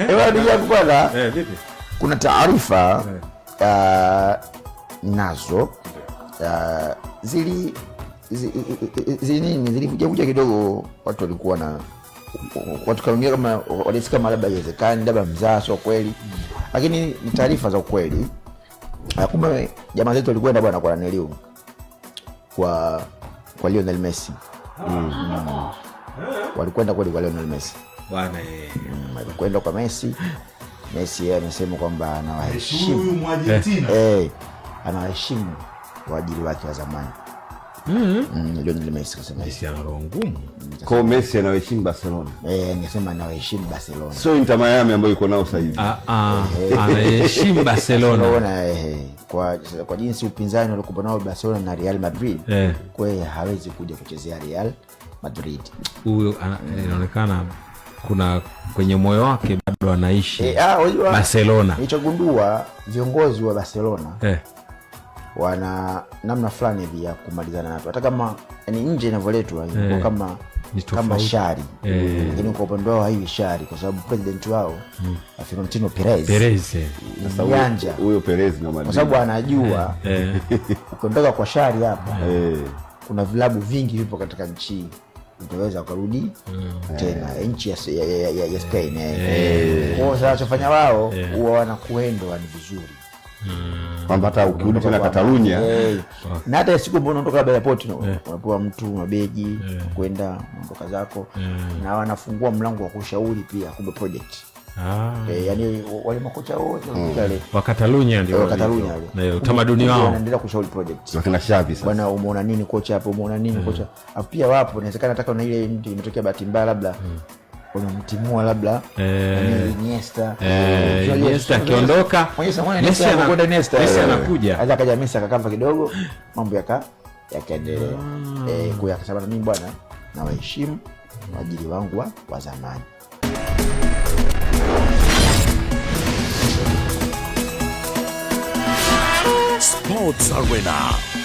Eh, Ndugu eh, kuna taarifa eh. nazo zili nini zilivujavuja kidogo, watu walikuwa na watu kaongea kama walisi kama labda iwezekani, labda mzaa sio kweli, lakini ni taarifa za ukweli. Ah, kumbe jamaa zetu walikwenda bwana kwa naniliu kwa kwa Lionel Messi, mm. walikwenda kweli kwa Lionel Messi. Bwana yeye mm, alikwenda kwa Messi. Messi yeye amesema kwamba anawaheshimu huyu Mwajitina. eh, anawaheshimu waajiri wake wa zamani. Mm-hmm. Mm -hmm. Lionel Messi kasema Messi ana roho ngumu. Mm, kwa hiyo Messi anaheshimu Barcelona. Eh, angesema anaheshimu Barcelona. Sio Inter Miami ambayo iko nao sasa hivi. Ah ah, eh, eh, anaheshimu eh, Barcelona. Unaona eh, kwa kwa jinsi upinzani walikuwa nao Barcelona na Real Madrid. Eh. Kwa hiyo hawezi kuja kuchezea Real Madrid. Huyo mm. inaonekana kuna kwenye moyo wake bado anaishi eh, ah, Barcelona. Nichogundua viongozi wa Barcelona eh, wana namna fulani hivi ya kumalizana nato, hata kama yani nje inavyoletwa eh, kama kama shari eh. lakini eh, kwa upande wao haiwi shari kwa sababu president wao mm, Florentino Perez Perez sasa huyo Perez na Madrid, kwa sababu anajua eh, eh, ukiondoka kwa shari hapa eh, kuna vilabu vingi vipo katika nchi utaweza ukarudi mm. tena yeah. nchi ya, ya, ya, ya, ya Spain eh. yeah. yeah. kwao sasa wao huwa yeah. wanakuendwa ni vizuri mm. kwamba hata ukirudi tena Katalunya na hata siku mbona unaondoka airport unapewa mtu mabeji kwenda unaondoka zako na wanafungua mlango wa kushauri pia kumbe project Ah. E, yani wale makocha wote mm. wale wa Katalunya ndio wa Katalunya wale. Utamaduni wao. Wanaendelea kushauri project. Wakina Xavi sasa. Bwana umeona nini kocha hapo? Umeona nini mm. kocha? Ah, pia wapo inawezekana nataka na ile mtu imetokea bahati mbaya labda mm Kuna unamtimua labda eh, eh, Iniesta Iniesta akiondoka Messi anakuja akaja Messi akakamba kidogo, mambo yaka yakaendelea. Ah. eh, Kwa sababu mimi bwana, nawaheshimu waajiri wangu wa zamani Sports Arena.